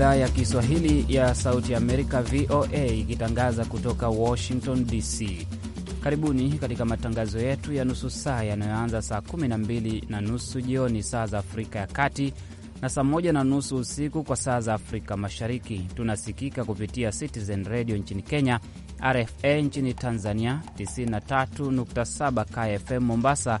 idhaa ya Kiswahili ya Sauti Amerika, VOA, ikitangaza kutoka Washington DC. Karibuni katika matangazo yetu ya nusu saa yanayoanza saa 12 na nusu jioni saa za Afrika ya Kati na saa 1 na nusu usiku kwa saa za Afrika Mashariki. Tunasikika kupitia Citizen Radio nchini Kenya, RFA nchini Tanzania, 93.7 KFM Mombasa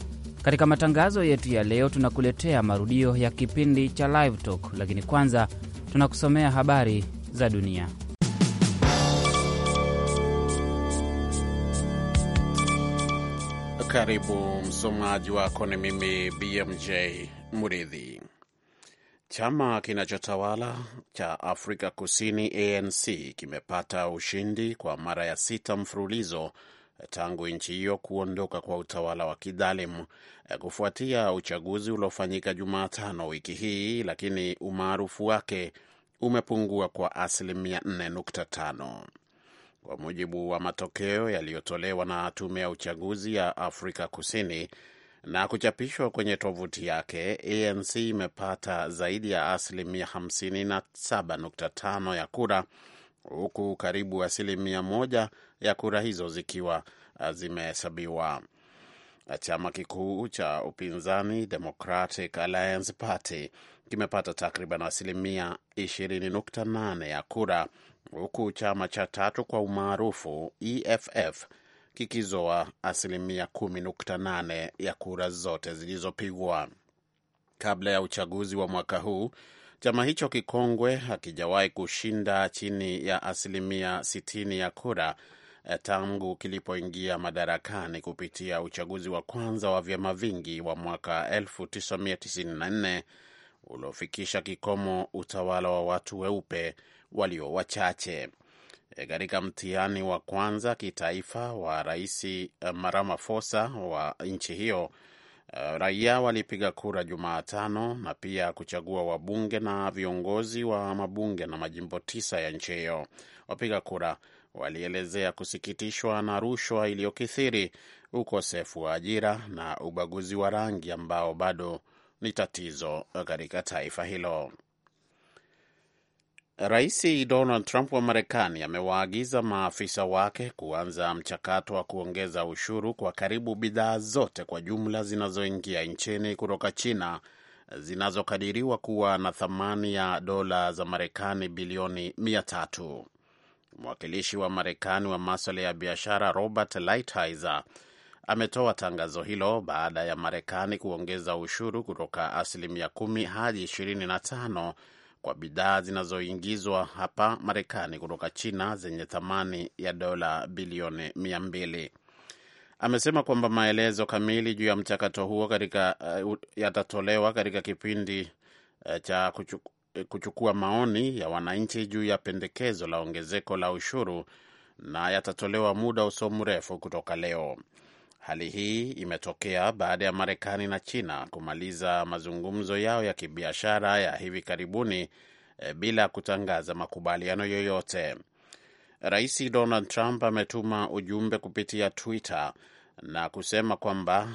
Katika matangazo yetu ya leo, tunakuletea marudio ya kipindi cha Live Talk, lakini kwanza tunakusomea habari za dunia. Karibu, msomaji wako ni mimi BMJ Muridhi. Chama kinachotawala cha Afrika Kusini ANC kimepata ushindi kwa mara ya sita mfululizo tangu nchi hiyo kuondoka kwa utawala wa kidhalimu eh, kufuatia uchaguzi uliofanyika Jumatano wiki hii, lakini umaarufu wake umepungua kwa asilimia 4.5 kwa mujibu wa matokeo yaliyotolewa na tume ya uchaguzi ya Afrika Kusini na kuchapishwa kwenye tovuti yake, ANC imepata zaidi ya asilimia 57.5 ya kura huku karibu asilimia moja ya kura hizo zikiwa uh, zimehesabiwa. Uh, chama kikuu cha upinzani Democratic Alliance Party kimepata takriban asilimia 20.8 ya kura huku chama cha tatu kwa umaarufu EFF kikizoa asilimia 10.8 ya kura zote zilizopigwa kabla ya uchaguzi wa mwaka huu. Chama hicho kikongwe hakijawahi kushinda chini ya asilimia 60 ya kura eh, tangu kilipoingia madarakani kupitia uchaguzi wa kwanza wa vyama vingi wa mwaka 1994 uliofikisha kikomo utawala wa watu weupe walio wachache. Eh, katika mtihani wa kwanza kitaifa wa Rais eh, Ramaphosa wa nchi hiyo Uh, raia walipiga kura Jumatano na pia kuchagua wabunge na viongozi wa mabunge na majimbo tisa ya nchi hiyo. Wapiga kura walielezea kusikitishwa na rushwa iliyokithiri, ukosefu wa ajira na ubaguzi wa rangi ambao bado ni tatizo katika taifa hilo. Rais Donald Trump wa Marekani amewaagiza maafisa wake kuanza mchakato wa kuongeza ushuru kwa karibu bidhaa zote kwa jumla zinazoingia nchini kutoka China zinazokadiriwa kuwa na thamani ya dola za Marekani bilioni mia tatu. Mwakilishi wa Marekani wa maswala ya biashara Robert Lighthizer ametoa tangazo hilo baada ya Marekani kuongeza ushuru kutoka asilimia kumi hadi ishirini na tano kwa bidhaa zinazoingizwa hapa Marekani kutoka China zenye thamani ya dola bilioni mia mbili Amesema kwamba maelezo kamili juu ya mchakato huo katika uh, yatatolewa katika kipindi uh, cha kuchukua kuchukua maoni ya wananchi juu ya pendekezo la ongezeko la ushuru na yatatolewa muda usio mrefu kutoka leo. Hali hii imetokea baada ya Marekani na China kumaliza mazungumzo yao ya kibiashara ya hivi karibuni e, bila kutangaza makubaliano yoyote. Rais Donald Trump ametuma ujumbe kupitia Twitter na kusema kwamba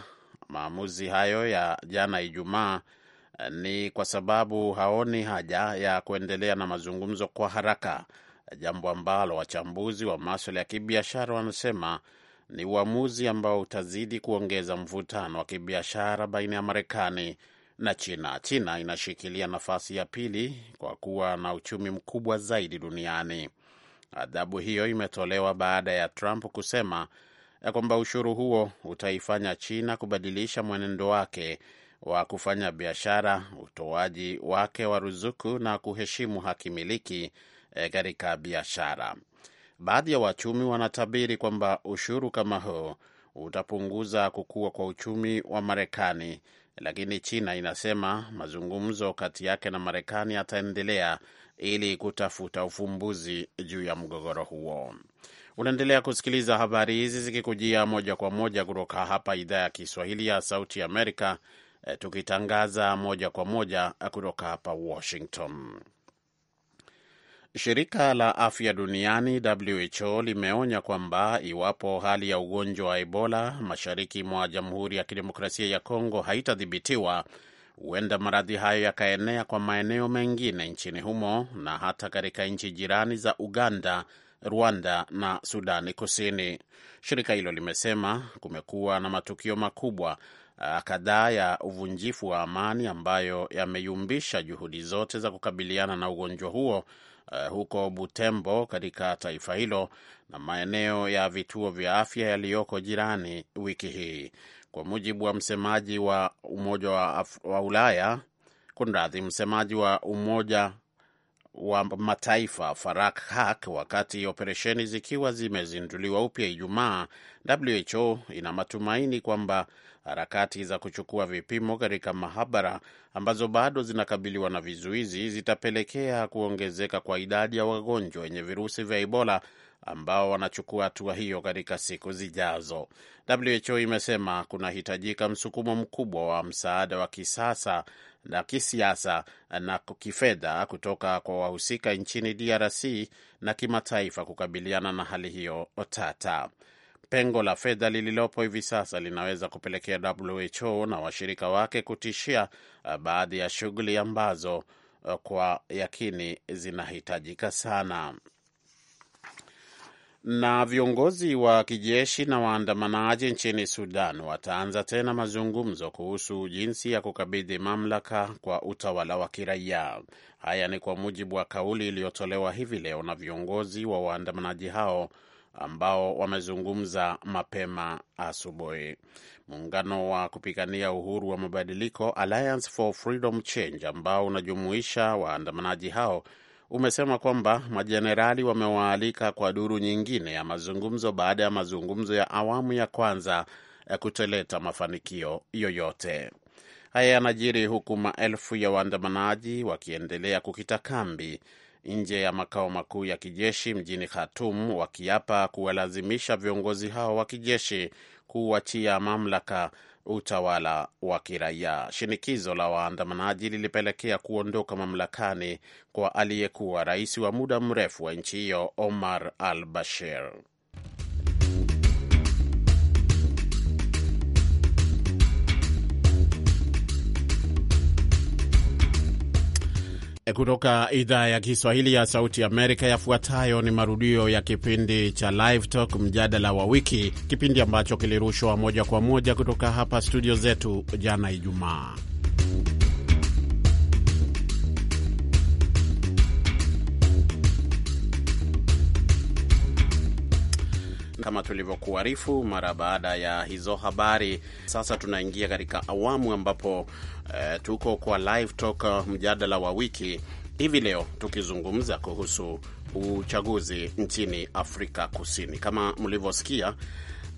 maamuzi hayo ya jana Ijumaa eh, ni kwa sababu haoni haja ya kuendelea na mazungumzo kwa haraka, jambo ambalo wachambuzi wa maswala ya kibiashara wanasema ni uamuzi ambao utazidi kuongeza mvutano wa kibiashara baina ya Marekani na China. China inashikilia nafasi ya pili kwa kuwa na uchumi mkubwa zaidi duniani. Adhabu hiyo imetolewa baada ya Trump kusema ya kwamba ushuru huo utaifanya China kubadilisha mwenendo wake wa kufanya biashara, utoaji wake wa ruzuku na kuheshimu haki miliki eh, katika biashara. Baadhi ya wachumi wanatabiri kwamba ushuru kama huu utapunguza kukua kwa uchumi wa Marekani, lakini China inasema mazungumzo kati yake na Marekani yataendelea ili kutafuta ufumbuzi juu ya mgogoro huo. Unaendelea kusikiliza habari hizi zikikujia moja kwa moja kutoka hapa idhaa ya Kiswahili ya Sauti Amerika, eh, tukitangaza moja kwa moja kutoka hapa Washington. Shirika la afya duniani WHO limeonya kwamba iwapo hali ya ugonjwa wa Ebola mashariki mwa Jamhuri ya Kidemokrasia ya Kongo haitadhibitiwa, huenda maradhi hayo yakaenea kwa maeneo mengine nchini humo na hata katika nchi jirani za Uganda, Rwanda na Sudani Kusini. Shirika hilo limesema kumekuwa na matukio makubwa ah, kadhaa ya uvunjifu wa amani ambayo yameyumbisha juhudi zote za kukabiliana na ugonjwa huo uh, huko Butembo katika taifa hilo na maeneo ya vituo vya afya yaliyoko jirani wiki hii, kwa mujibu wa msemaji wa Umoja wa, Af wa Ulaya kunradhi, msemaji wa Umoja wa Mataifa Farak Hak wakati operesheni zikiwa zimezinduliwa upya Ijumaa, WHO ina matumaini kwamba harakati za kuchukua vipimo katika mahabara ambazo bado zinakabiliwa na vizuizi zitapelekea kuongezeka kwa idadi ya wagonjwa wenye virusi vya Ebola ambao wanachukua hatua hiyo katika siku zijazo. WHO imesema kunahitajika msukumo mkubwa wa msaada wa kisasa la kisiasa na kifedha kutoka kwa wahusika nchini DRC na kimataifa kukabiliana na hali hiyo tata. Pengo la fedha lililopo hivi sasa linaweza kupelekea WHO na washirika wake kutishia uh, baadhi ya shughuli ambazo uh, kwa yakini zinahitajika sana. Na viongozi wa kijeshi na waandamanaji nchini Sudan wataanza tena mazungumzo kuhusu jinsi ya kukabidhi mamlaka kwa utawala wa kiraia. Haya ni kwa mujibu wa kauli iliyotolewa hivi leo na viongozi wa waandamanaji hao ambao wamezungumza mapema asubuhi. Muungano wa kupigania uhuru wa mabadiliko Alliance for Freedom Change, ambao unajumuisha waandamanaji hao umesema kwamba majenerali wamewaalika kwa duru nyingine ya mazungumzo baada ya mazungumzo ya awamu ya kwanza ya eh, kutoleta mafanikio yoyote. Haya yanajiri huku maelfu ya waandamanaji wakiendelea kukita kambi nje ya makao makuu ya kijeshi mjini Khartoum, wakiapa kuwalazimisha viongozi hao wa kijeshi kuwachia mamlaka utawala wa kiraia. Shinikizo la waandamanaji lilipelekea kuondoka mamlakani kwa aliyekuwa rais wa muda mrefu wa nchi hiyo Omar al Bashir. Eh, kutoka idhaa ya Kiswahili ya Sauti Amerika. Yafuatayo ni marudio ya kipindi cha Live Talk, mjadala wa wiki, kipindi ambacho kilirushwa moja kwa moja kutoka hapa studio zetu jana Ijumaa. kama tulivyokuarifu mara baada ya hizo habari, sasa tunaingia katika awamu ambapo eh, tuko kwa live talk, uh, mjadala wa wiki hivi leo, tukizungumza kuhusu uchaguzi nchini Afrika Kusini. Kama mlivyosikia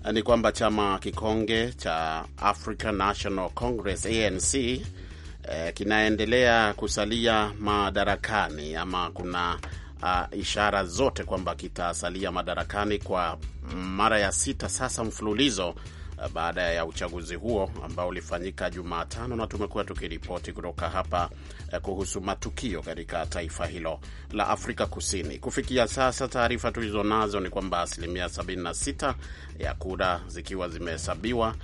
eh, ni kwamba chama kikonge cha African National Congress ANC eh, kinaendelea kusalia madarakani ama kuna uh, ishara zote kwamba kitasalia madarakani kwa mara ya sita sasa mfululizo baada ya uchaguzi huo ambao ulifanyika Jumatano, na tumekuwa tukiripoti kutoka hapa kuhusu matukio katika taifa hilo la Afrika Kusini. Kufikia sasa, taarifa tulizo nazo ni kwamba asilimia 76 ya kura zikiwa zimehesabiwa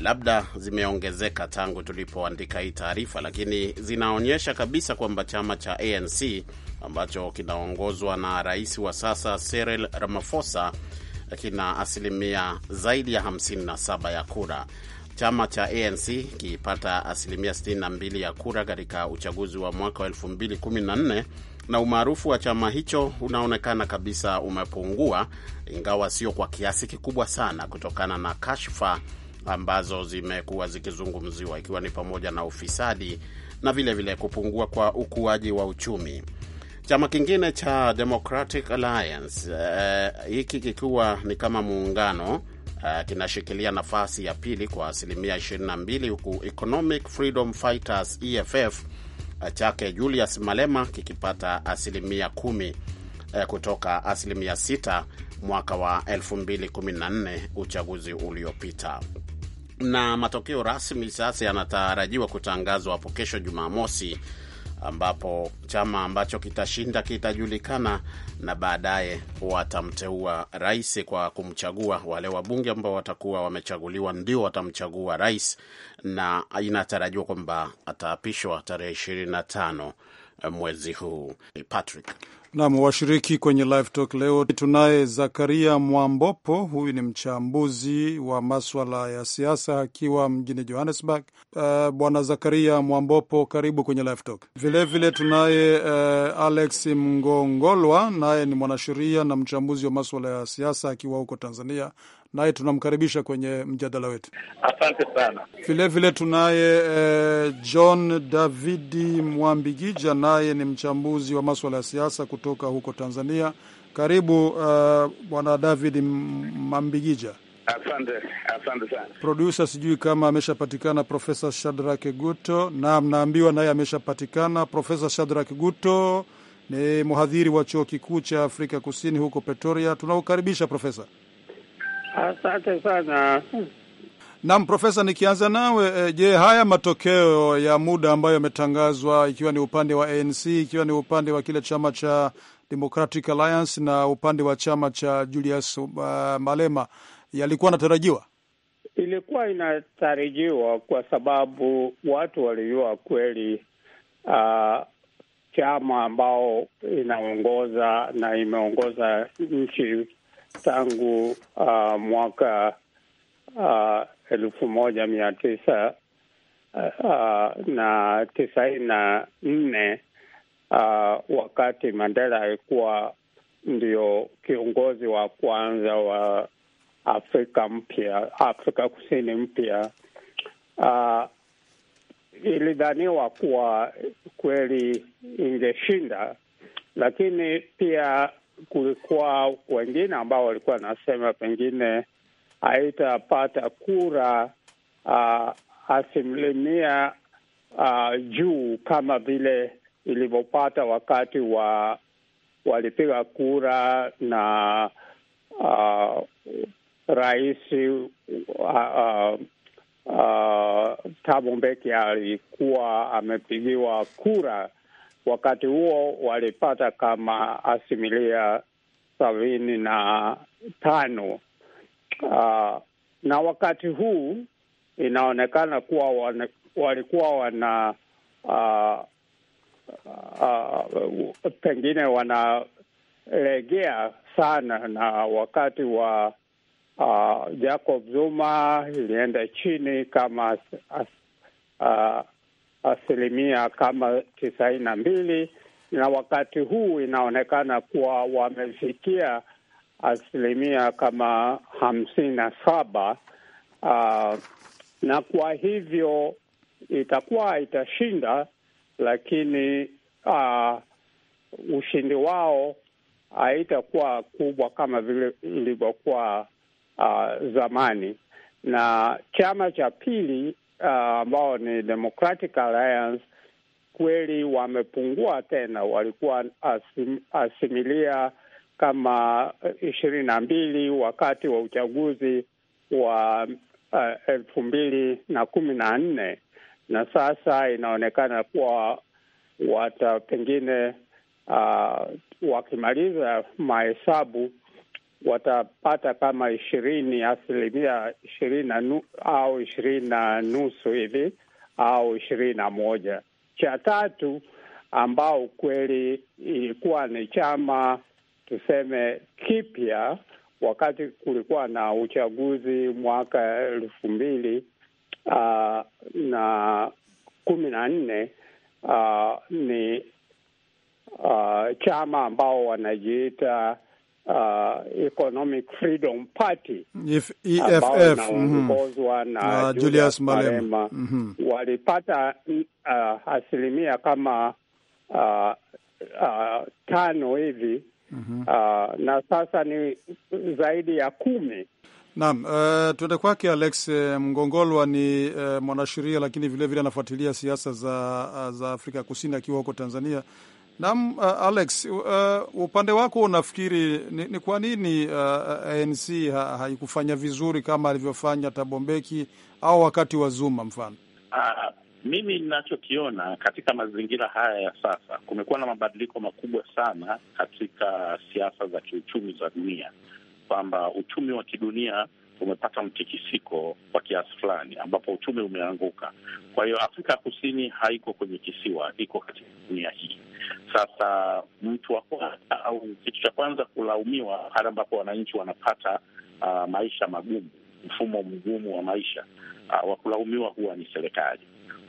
labda zimeongezeka tangu tulipoandika hii taarifa, lakini zinaonyesha kabisa kwamba chama cha ANC ambacho kinaongozwa na rais wa sasa Cyril Ramaphosa kina asilimia zaidi ya 57 ya kura. Chama cha ANC kipata asilimia 62 ya kura katika uchaguzi wa mwaka wa 2014 na umaarufu wa chama hicho unaonekana kabisa umepungua, ingawa sio kwa kiasi kikubwa sana, kutokana na kashfa ambazo zimekuwa zikizungumziwa ikiwa ni pamoja na ufisadi na vilevile vile kupungua kwa ukuaji wa uchumi. Chama kingine cha Democratic Alliance eh, hiki eh, kikiwa ni kama muungano eh, kinashikilia nafasi ya pili kwa asilimia 22 huku Economic Freedom Fighters EFF eh, chake Julius Malema kikipata asilimia kumi eh, kutoka asilimia sita mwaka wa 2014 uchaguzi uliopita na matokeo rasmi sasa yanatarajiwa kutangazwa hapo kesho Jumamosi, ambapo chama ambacho kitashinda kitajulikana na baadaye watamteua rais kwa kumchagua. Wale wabunge ambao watakuwa wamechaguliwa ndio watamchagua rais, na inatarajiwa kwamba ataapishwa tarehe ishirini na tano mwezi huu. Patrick Nam washiriki kwenye live talk leo, tunaye Zakaria Mwambopo. Huyu ni mchambuzi wa maswala ya siasa akiwa mjini Johannesburg. Uh, bwana Zakaria Mwambopo, karibu kwenye live talk. Vilevile tunaye uh, Alex Mngongolwa, naye ni mwanasheria na mchambuzi wa maswala ya siasa akiwa huko Tanzania naye tunamkaribisha kwenye mjadala wetu. Asante sana. Vilevile tunaye eh, John Davidi Mwambigija, naye ni mchambuzi wa maswala ya siasa kutoka huko Tanzania. Karibu uh, bwana David mambigija Asante, asante sana. sijui kama ameshapatikana Profesa Shadrack Guto. Naam, naambiwa naye ameshapatikana. Profesa Shadrack Guto ni mhadhiri wa chuo kikuu cha Afrika Kusini huko Pretoria. Tunaukaribisha profesa. Asante sana. Naam, Profesa, nikianza nawe, eh, je, haya matokeo ya muda ambayo yametangazwa, ikiwa ni upande wa ANC, ikiwa ni upande wa kile chama cha Democratic Alliance na upande wa chama cha Julius uh, Malema yalikuwa yanatarajiwa? Ilikuwa inatarajiwa kwa sababu watu walijua kweli uh, chama ambao inaongoza na imeongoza nchi tangu uh, mwaka uh, elfu moja mia tisa uh, uh, na tisaini na nne uh, wakati Mandela alikuwa ndio kiongozi wa kwanza wa Afrika mpya, Afrika Kusini mpya. Uh, ilidhaniwa kuwa kweli ingeshinda, lakini pia kulikuwa wengine ambao walikuwa wanasema pengine haitapata kura uh, asilimia uh, juu kama vile ilivyopata wakati wa walipiga kura na uh, rais uh, uh, Thabo Mbeki alikuwa amepigiwa kura Wakati huo walipata kama asimilia sabini na tano uh, na wakati huu inaonekana kuwa wane, walikuwa wana uh, uh, pengine wanalegea sana, na wakati wa uh, Jacob Zuma ilienda chini kama as, as, uh, asilimia kama tisaini na mbili na wakati huu inaonekana kuwa wamefikia asilimia kama hamsini na saba uh, na kwa hivyo itakuwa itashinda, lakini uh, ushindi wao haitakuwa kubwa kama vile ilivyokuwa uh, zamani. Na chama cha pili Uh, ambao ni Democratic Alliance kweli wamepungua tena, walikuwa asim, asimilia kama ishirini na mbili wakati wa uchaguzi wa uh, elfu mbili na kumi na nne na sasa inaonekana kuwa wata pengine uh, wakimaliza mahesabu watapata kama ishirini asilimia ishirini na au ishirini na nusu hivi au ishirini na moja cha tatu ambao kweli ilikuwa ni chama tuseme kipya wakati kulikuwa na uchaguzi mwaka elfu mbili uh, na kumi na nne uh, ni uh, chama ambao wanajiita uh, Economic Freedom Party e mhm, inaongozwa na, mm -hmm. na Julius Malema mm -hmm. walipata uh, asilimia kama uh, uh, tano hivi mm -hmm. uh, na sasa ni zaidi ya kumi. Naam, uh, tuende kwake Alex eh, Mgongolwa. Ni uh, mwanasheria lakini vilevile anafuatilia siasa za, za Afrika Kusini akiwa huko Tanzania. Naam, uh, Alex, uh, uh, upande wako unafikiri ni, ni kwa nini uh, uh ANC ha, haikufanya vizuri kama alivyofanya Tabombeki au wakati wa Zuma mfano? Uh, mimi ninachokiona katika mazingira haya ya sasa, kumekuwa na mabadiliko makubwa sana katika siasa za kiuchumi za dunia, kwamba uchumi wa kidunia umepata mtikisiko kwa kiasi fulani, ambapo uchumi umeanguka. Kwa hiyo Afrika ya Kusini haiko kwenye kisiwa, iko katika dunia hii. Sasa mtu wa kwanza au kitu cha kwanza kulaumiwa hali ambapo wananchi wanapata uh, maisha magumu, mfumo mgumu wa maisha uh, wa kulaumiwa huwa ni serikali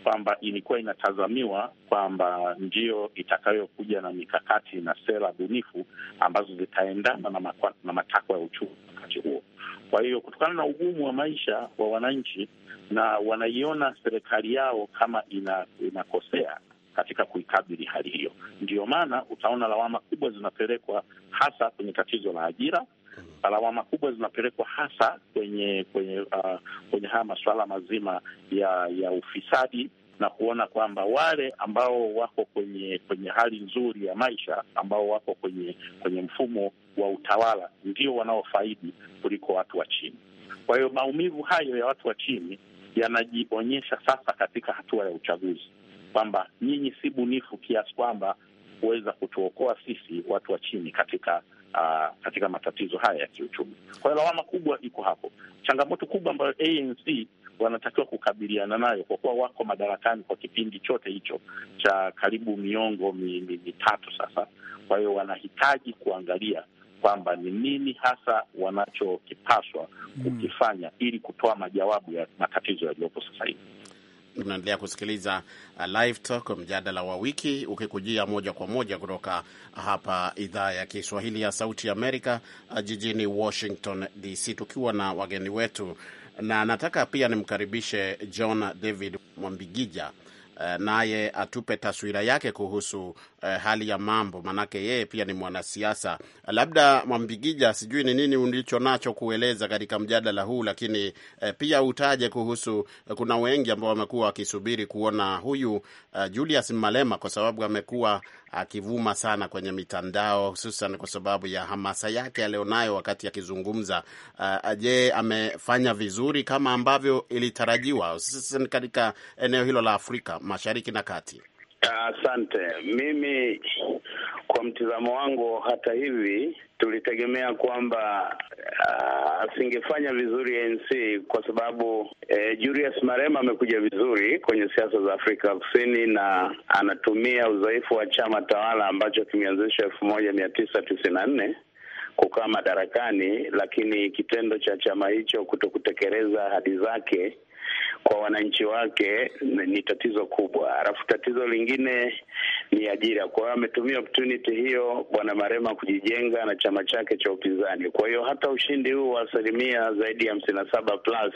kwamba ilikuwa inatazamiwa kwamba ndio itakayokuja na mikakati na sera bunifu ambazo zitaendana na, na matakwa kwa hiyo kutokana na ugumu wa maisha wa wananchi, na wanaiona serikali yao kama ina, inakosea katika kuikabili hali hiyo, ndiyo maana utaona lawama kubwa zinapelekwa hasa kwenye tatizo la ajira lawama kubwa zinapelekwa hasa kwenye kwenye uh, kwenye haya masuala mazima ya ya ufisadi na kuona kwamba wale ambao wako kwenye kwenye hali nzuri ya maisha ambao wako kwenye kwenye mfumo wa utawala ndio wanaofaidi kuliko watu wa chini. Kwa hiyo maumivu hayo ya watu wa chini yanajionyesha sasa katika hatua ya uchaguzi, kwamba nyinyi si bunifu kiasi kwamba kuweza kutuokoa sisi watu wa chini katika uh, katika matatizo haya ya kiuchumi. Kwa hiyo lawama kubwa iko hapo. Changamoto kubwa ambayo ANC wanatakiwa kukabiliana nayo kwa kuwa wako madarakani kwa kipindi chote hicho cha karibu miongo mitatu mi, mi sasa. Kwa hiyo wanahitaji kuangalia kwamba ni nini hasa wanachokipaswa hmm. kukifanya ili kutoa majawabu ya matatizo yaliyopo sasa hivi. Tunaendelea kusikiliza uh, Live Talk, mjadala wa wiki ukikujia moja kwa moja kutoka hapa idhaa ya Kiswahili ya Sauti ya Amerika uh, jijini Washington DC, tukiwa na wageni wetu, na nataka pia nimkaribishe John David Mwambigija uh, naye atupe taswira yake kuhusu eh, hali ya mambo, manake yeye pia ni mwanasiasa. Labda Mwambigija, sijui ni nini ulicho nacho kueleza katika mjadala huu, lakini eh, pia utaje kuhusu eh, kuna wengi ambao wamekuwa wakisubiri kuona huyu eh, Julius Malema kwa sababu amekuwa akivuma sana kwenye mitandao hususan kwa sababu ya hamasa yake aliyonayo wakati akizungumza. Uh, je, amefanya vizuri kama ambavyo ilitarajiwa hususan katika eneo hilo la Afrika Mashariki na Kati? Asante. Mimi kwa mtizamo wangu, hata hivi tulitegemea kwamba uh, asingefanya vizuri ANC kwa sababu e, Julius Marema amekuja vizuri kwenye siasa za Afrika Kusini na anatumia udhaifu wa chama tawala ambacho kimeanzishwa elfu moja mia tisa tisini na nne kukaa madarakani, lakini kitendo cha chama hicho kuto kutekeleza ahadi zake kwa wananchi wake ni tatizo kubwa. Alafu tatizo lingine ni ajira. Kwa hiyo ametumia opportunity hiyo Bwana Marema kujijenga na chama chake cha upinzani. Kwa hiyo hata ushindi huu wa asilimia zaidi ya hamsini na saba plus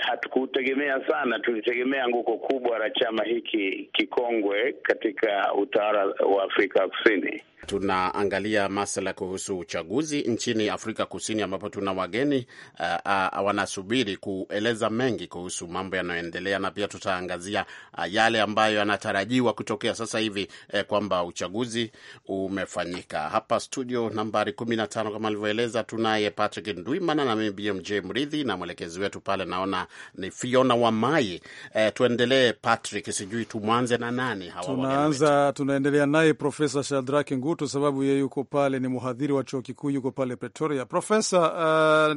hatukutegemea sana, tulitegemea anguko kubwa la chama hiki kikongwe katika utawala wa Afrika Kusini tunaangalia masala kuhusu uchaguzi nchini Afrika Kusini, ambapo tuna wageni uh, uh, wanasubiri kueleza mengi kuhusu mambo yanayoendelea, na pia tutaangazia uh, yale ambayo yanatarajiwa kutokea sasa hivi eh, kwamba uchaguzi umefanyika. Hapa studio nambari 15 kama alivyoeleza, tunaye Patrick Ndwimana na mimi BMJ Mridhi, na mwelekezi wetu pale naona ni Fiona Wamai. Eh, tuendelee Patrick, sijui tumwanze na nani hawa? Tunaanza, tunaendelea naye Profesa Shadraki Ngutu, sababu yeye yuko pale, ni mhadhiri wa chuo kikuu, yuko pale Pretoria. Profesa,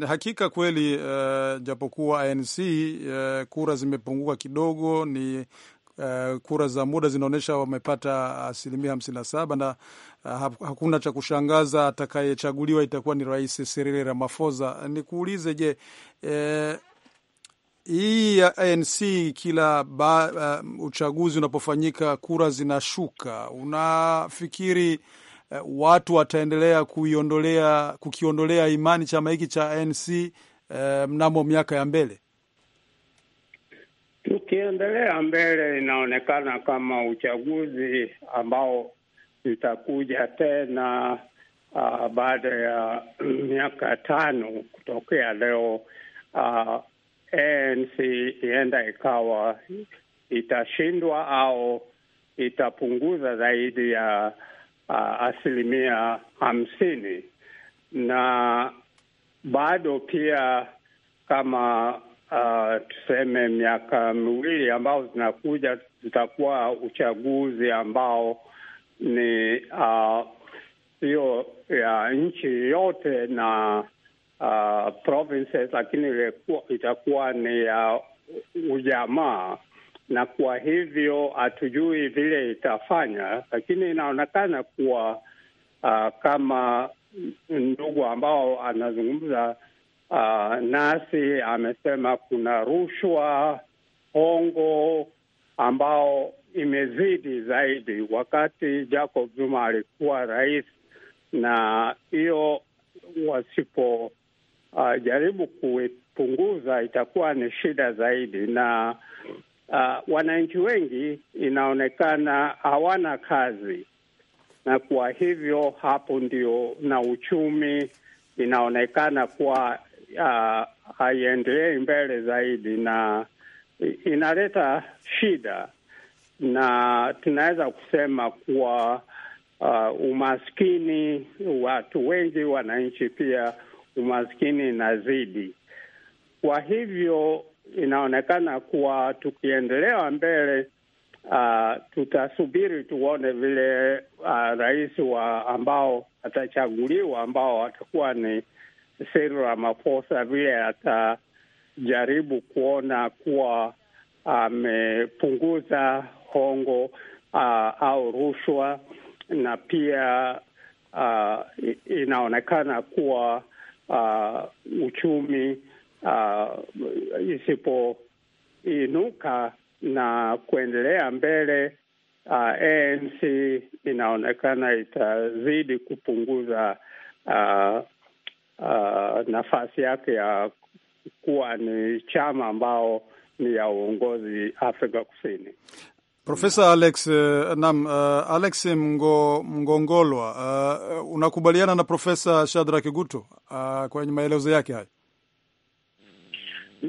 uh, hakika kweli uh, japokuwa ANC uh, kura zimepunguka kidogo ni Uh, kura za muda zinaonyesha wamepata asilimia hamsini na saba na uh, hakuna cha kushangaza, atakayechaguliwa itakuwa ni Rais Cyril Ramaphosa. Nikuulize, je, uh, hii ya ANC kila ba, uh, uchaguzi unapofanyika kura zinashuka, unafikiri uh, watu wataendelea kuiondolea kukiondolea imani chama hiki cha ANC uh, mnamo miaka ya mbele? Tukiendelea mbele, inaonekana kama uchaguzi ambao itakuja tena uh, baada ya miaka tano kutokea leo uh, ANC e ienda ikawa itashindwa au itapunguza zaidi ya uh, asilimia hamsini na bado pia kama uh, tuseme miaka miwili ambao zinakuja zitakuwa uchaguzi ambao ni hiyo uh, ya nchi yote na uh, provinces, lakini itakuwa ni ya uh, ujamaa na kwa hivyo hatujui vile itafanya, lakini inaonekana kuwa uh, kama ndugu ambao anazungumza uh, nasi amesema kuna rushwa hongo ambao imezidi zaidi wakati Jacob Zuma alikuwa rais, na hiyo wasipo uh, jaribu kuipunguza itakuwa ni shida zaidi, na uh, wananchi wengi inaonekana hawana kazi, na kwa hivyo hapo ndio na uchumi inaonekana kuwa uh, haiendelei mbele zaidi, na inaleta shida, na tunaweza kusema kuwa uh, umaskini, watu wengi wananchi pia umaskini inazidi. Kwa hivyo inaonekana kuwa tukiendelea mbele Uh, tutasubiri tuone vile uh, rais wa ambao atachaguliwa ambao atakuwa ni Cyril Ramaphosa vile atajaribu kuona kuwa amepunguza uh, hongo uh, au rushwa, na pia uh, inaonekana kuwa uh, uchumi uh, isipoinuka na kuendelea mbele uh, ANC inaonekana itazidi kupunguza uh, uh, nafasi yake ya kuwa ni chama ambao ni ya uongozi Afrika Kusini. Profesa Alex, uh, Alex Mngo, Mgongolwa, uh, eh, unakubaliana na Profesa Shadrack Guto uh, kwenye maelezo yake hayo?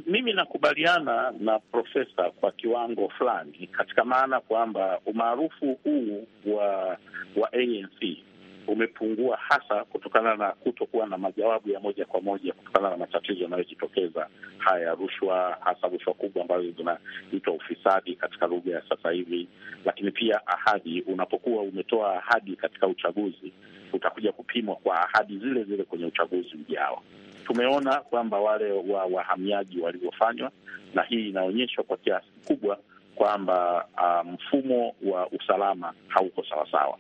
Mimi nakubaliana na profesa kwa kiwango fulani, katika maana kwamba umaarufu huu wa wa ANC umepungua hasa kutokana na kutokuwa na majawabu ya moja kwa moja kutokana na matatizo yanayojitokeza haya ya rushwa, hasa rushwa kubwa ambazo zinaitwa ufisadi katika lugha ya sasa hivi. Lakini pia ahadi, unapokuwa umetoa ahadi katika uchaguzi, utakuja kupimwa kwa ahadi zile zile kwenye uchaguzi ujao. Tumeona kwamba wale wa wahamiaji walivyofanywa, na hii inaonyeshwa kwa kiasi kikubwa kwamba ah, mfumo um, wa usalama hauko sawasawa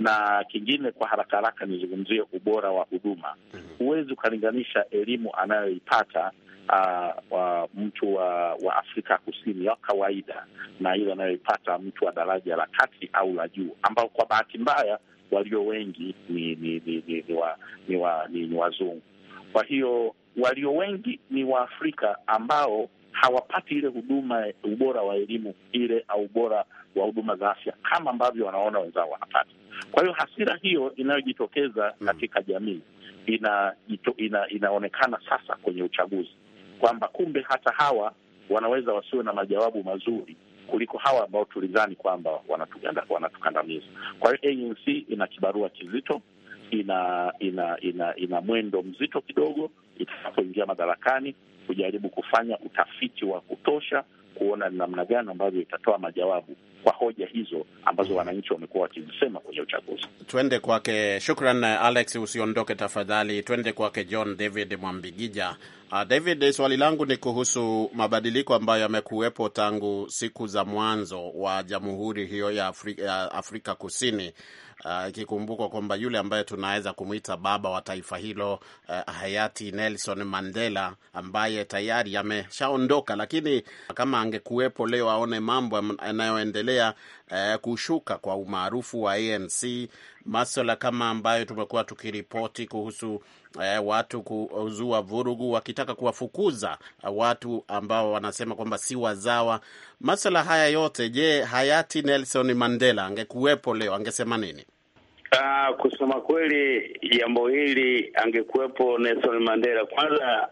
na kingine kwa haraka haraka nizungumzie ubora wa huduma. Mhm. Huwezi ukalinganisha elimu anayoipata Uh, mhm. ah, wa mtu wa, wa Afrika Kusini wa kawaida mhm. na ile anayoipata mtu wa daraja la kati au la juu, ambao kwa bahati mbaya walio wengi ni ni ni, ni, ni, wa, ni, wa, ni, ni wazungu. Kwa hiyo walio wengi ni Waafrika ambao hawapati ile huduma ubora wa elimu ile au ubora wa huduma za afya kama ambavyo wanaona wenzao wanapata. Kwa hiyo hasira hiyo inayojitokeza mm. katika jamii ina, ito, ina inaonekana sasa kwenye uchaguzi kwamba kumbe hata hawa wanaweza wasiwe na majawabu mazuri kuliko hawa ambao tulidhani kwamba wanatukandamiza. Kwa hiyo ANC ina kibarua kizito, ina ina ina, ina mwendo mzito kidogo itakapoingia madarakani kujaribu kufanya utafiti wa kutosha kuona ni namna gani ambavyo itatoa majawabu kwa hoja hizo ambazo mm. wananchi wamekuwa wakizisema kwenye uchaguzi. Twende kwake. Shukran Alex, usiondoke tafadhali. Twende kwake John David Mwambigija. Uh, David, swali langu ni kuhusu mabadiliko ambayo yamekuwepo tangu siku za mwanzo wa jamhuri hiyo ya Afrika, ya Afrika Kusini Eh, ikikumbukwa uh, kwamba yule ambaye tunaweza kumwita baba wa taifa hilo uh, hayati Nelson Mandela ambaye tayari ameshaondoka, lakini kama angekuwepo leo aone mambo yanayoendelea eh, kushuka kwa umaarufu wa ANC, maswala kama ambayo tumekuwa tukiripoti kuhusu eh, watu kuzua vurugu wakitaka kuwafukuza watu ambao wanasema kwamba si wazawa. Maswala haya yote, je, hayati Nelson Mandela angekuwepo leo angesema nini? Uh, kusema kweli jambo hili angekuwepo Nelson Mandela, kwanza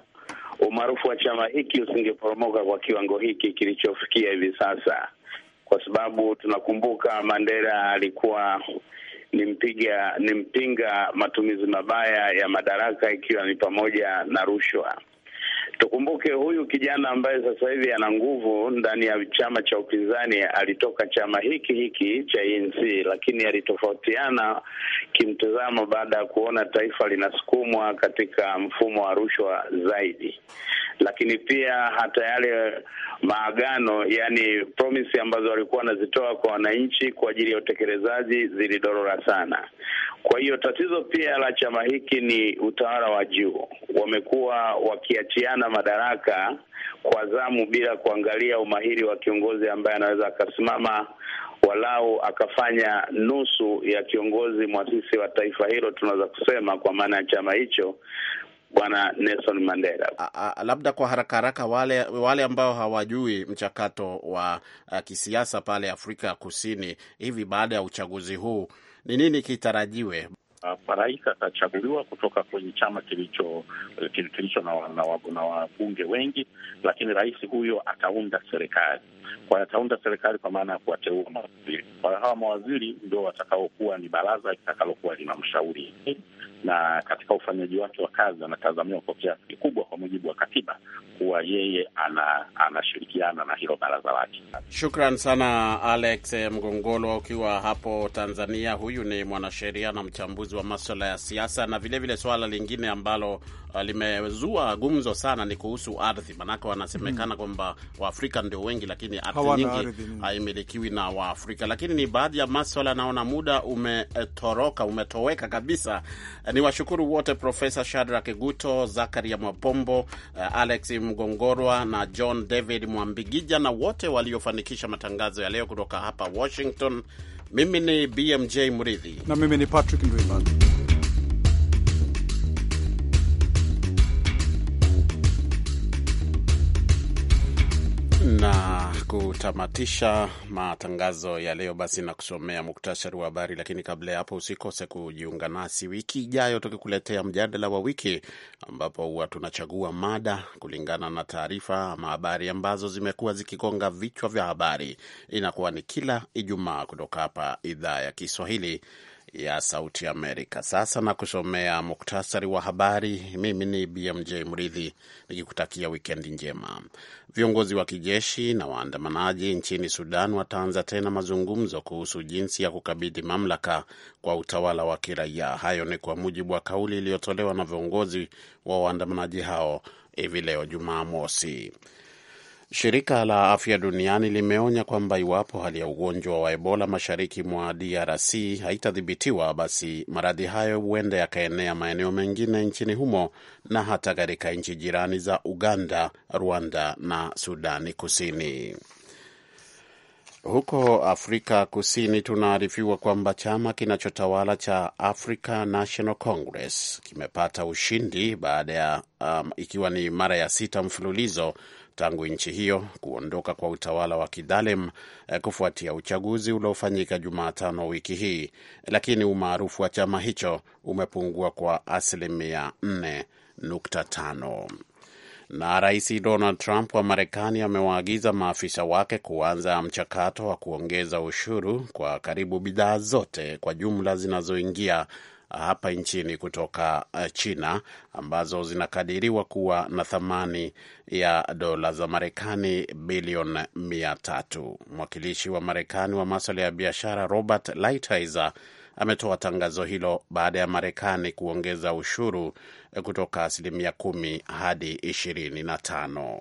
umaarufu wa chama hiki usingeporomoka kwa kiwango hiki kilichofikia hivi sasa kwa sababu tunakumbuka Mandela alikuwa ni mpiga ni mpinga matumizi mabaya ya madaraka ikiwa ni pamoja na rushwa. Tukumbuke huyu kijana ambaye sasa hivi ana nguvu ndani ya chama cha upinzani alitoka chama hiki hiki cha ANC, e lakini alitofautiana kimtazamo baada ya kuona taifa linasukumwa katika mfumo wa rushwa zaidi, lakini pia hata yale maagano, yani promise ambazo walikuwa wanazitoa kwa wananchi kwa ajili ya utekelezaji zilidorora sana. Kwa hiyo tatizo pia la chama hiki ni utawala wa juu, wamekuwa wakiachiana kugombana madaraka kwa zamu bila kuangalia umahiri wa kiongozi ambaye anaweza akasimama walau akafanya nusu ya kiongozi mwasisi wa taifa hilo, tunaweza kusema kwa maana ya chama hicho, Bwana Nelson Mandela. A, a, labda kwa haraka haraka wale wale ambao hawajui mchakato wa a, kisiasa pale Afrika Kusini hivi baada ya uchaguzi huu, ni nini kitarajiwe? uh, ah, rais atachaguliwa kutoka kwenye chama kilicho kilicho na, na, na wabunge wengi, lakini rais huyo ataunda serikali. Kwa ataunda serikali kwa maana ya kuwateua mawaziri. Kwa hiyo hawa mawaziri ndio watakaokuwa ni baraza litakalokuwa lina mshauri, na katika ufanyaji wake wa kazi anatazamiwa kwa kiasi kikubwa mujibu wa katiba kuwa yeye anashirikiana ana na hilo baraza lake. Shukran sana Alex Mgongolwa ukiwa hapo Tanzania. Huyu ni mwanasheria na mchambuzi wa maswala ya siasa, na vilevile vile suala lingine ambalo Ah, limezua gumzo sana ni kuhusu ardhi, maanake wanasemekana mm kwamba Waafrika ndio wengi, lakini ardhi nyingi haimilikiwi na Waafrika. Lakini ni baadhi ya maswala, naona muda umetoroka, umetoweka kabisa. Eh, ni washukuru wote, Profesa Shadrack Guto, Zakaria Mwapombo, eh, Alex Mgongorwa na John David Mwambigija na wote waliofanikisha matangazo ya leo kutoka hapa Washington. Mimi ni BMJ Mridhi na mimi ni Patrick Ndwimana. kutamatisha matangazo ya leo basi, na kusomea muktasari wa habari. Lakini kabla ya hapo, usikose kujiunga nasi wiki ijayo, tukikuletea mjadala wa wiki, ambapo huwa tunachagua mada kulingana na taarifa ama habari ambazo zimekuwa zikigonga vichwa vya habari. Inakuwa ni kila Ijumaa kutoka hapa idhaa ya Kiswahili ya Sauti Amerika. Sasa na kusomea muktasari wa habari. Mimi ni BMJ Mridhi nikikutakia wikendi njema. Viongozi wa kijeshi na waandamanaji nchini Sudan wataanza tena mazungumzo kuhusu jinsi ya kukabidhi mamlaka kwa utawala wa kiraia. Hayo ni kwa mujibu wa kauli iliyotolewa na viongozi wa waandamanaji hao hivi leo Jumamosi. Shirika la Afya Duniani limeonya kwamba iwapo hali ya ugonjwa wa Ebola mashariki mwa DRC haitadhibitiwa, basi maradhi hayo huenda yakaenea maeneo mengine nchini humo na hata katika nchi jirani za Uganda, Rwanda na Sudani Kusini. Huko Afrika Kusini tunaarifiwa kwamba chama kinachotawala cha Africa National Congress kimepata ushindi baada ya um, ikiwa ni mara ya sita mfululizo tangu nchi hiyo kuondoka kwa utawala wa kidhalem eh, kufuatia uchaguzi uliofanyika Jumatano wiki hii, lakini umaarufu wa chama hicho umepungua kwa asilimia 4.5. Na Rais Donald Trump wa Marekani amewaagiza maafisa wake kuanza mchakato wa kuongeza ushuru kwa karibu bidhaa zote kwa jumla zinazoingia hapa nchini kutoka eh, China ambazo zinakadiriwa kuwa na thamani ya dola za Marekani bilioni mia tatu. Mwakilishi wa Marekani wa maswala ya biashara Robert Lighthizer ametoa tangazo hilo baada ya Marekani kuongeza ushuru eh, kutoka asilimia kumi hadi ishirini na tano.